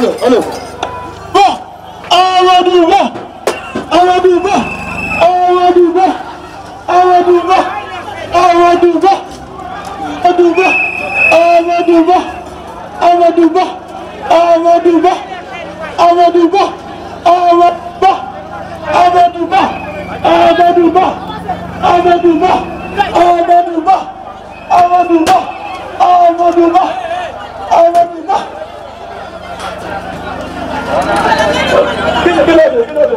allez, allez. Bon, on va du bas. On va du bas. On va du bas. On va du bas. On va du bas. On va du bas. On va du bas. On va du bas. On va du bas. On va du bas. On va bas. On va du bas. On va du bas. On va du bas. On va du bas. On va du bas. On va du bas. On va du bas. Kim biladı, biladı.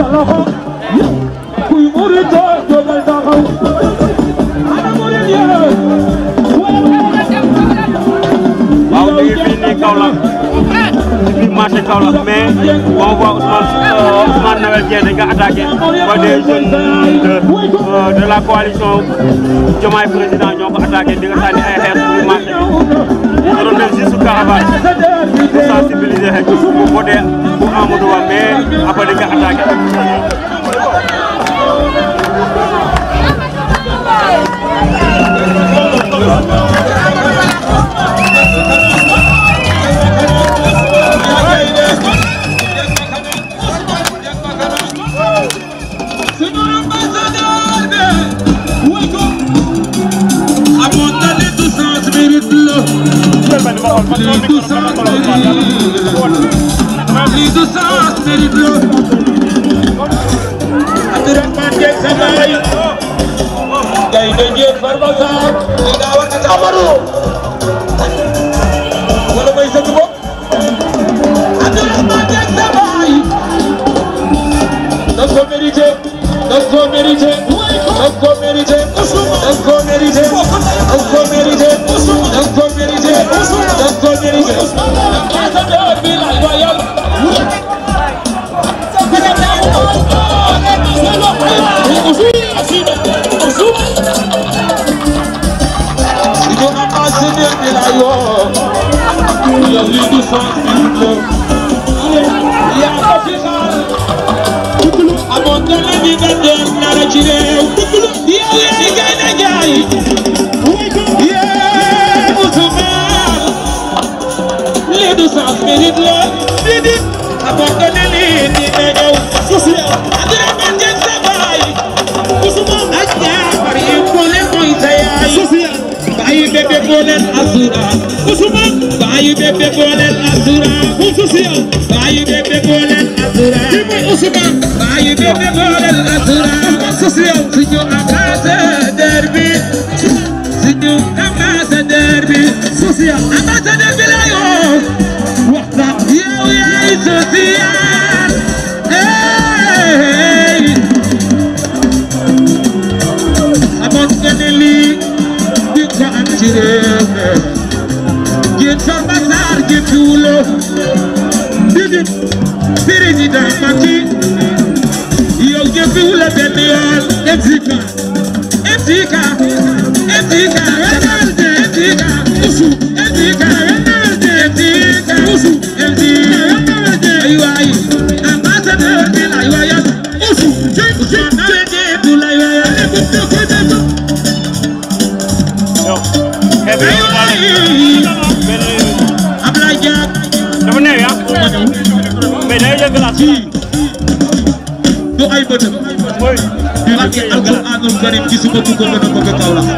Rojo attaqué dañ ko attaqué ba des jeunes de de la coalition Diomaye président ñoo ko attaqué di nga sànni ay xeer pour marché bi. waroon nañ juste caravane pour sensibiliser xëy pour voter pour Amadou Ba mais après dañ ko attaqué. Amaru suuf si ñu amassé néew bi la yoo la lii du sensible yaa ko fi xaar amoon nga la ni nga doon nara ci réew yow yaa ni gay na jaay yee musulman lii du sens mérite la amoon nga la ni nga doon social bàyyi bébé booleel asura Ousmane bàyyi bébé booleel asura moom social bàyyi bébé booleel asura kii mooy Ousmane bàyyi bébé booleel asura social suñu ambassadeur bi suñu ambassadeur bi social ambassadeur bi Ablaye Diak. dafa neew yaa mais day jël glace du ay bëtëm. mooy. di la ci alxuraanul karim ci suba bu ko gën a bëgg Kaolack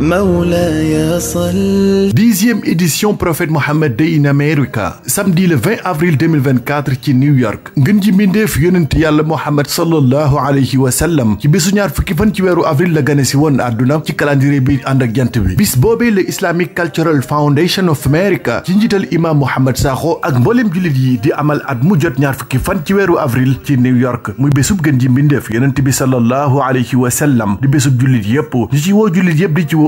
Mawlaya Sall. dixième édition prophète Mohammed Day in America samedi le 20 avril 2024 ci New York ngën ji mbindeef yonent yàlla Mohammed sallallahu alayhi wa sallam ci bésu ñaar fukki fan ci weeru avril la gane si woon àdduna ci calendrier bi ànd ak jant bi bis boobee le Islamic Cultural Foundation of America ci njiital imam Mohamed Sakho ak mboolem jullit yi di amal at mu jot ñaar fukki fan ci weeru avril ci New York muy bésub gën ji mbindeef yonent bi sallallahu alayhi wa sallam di bésub jullit yépp ñu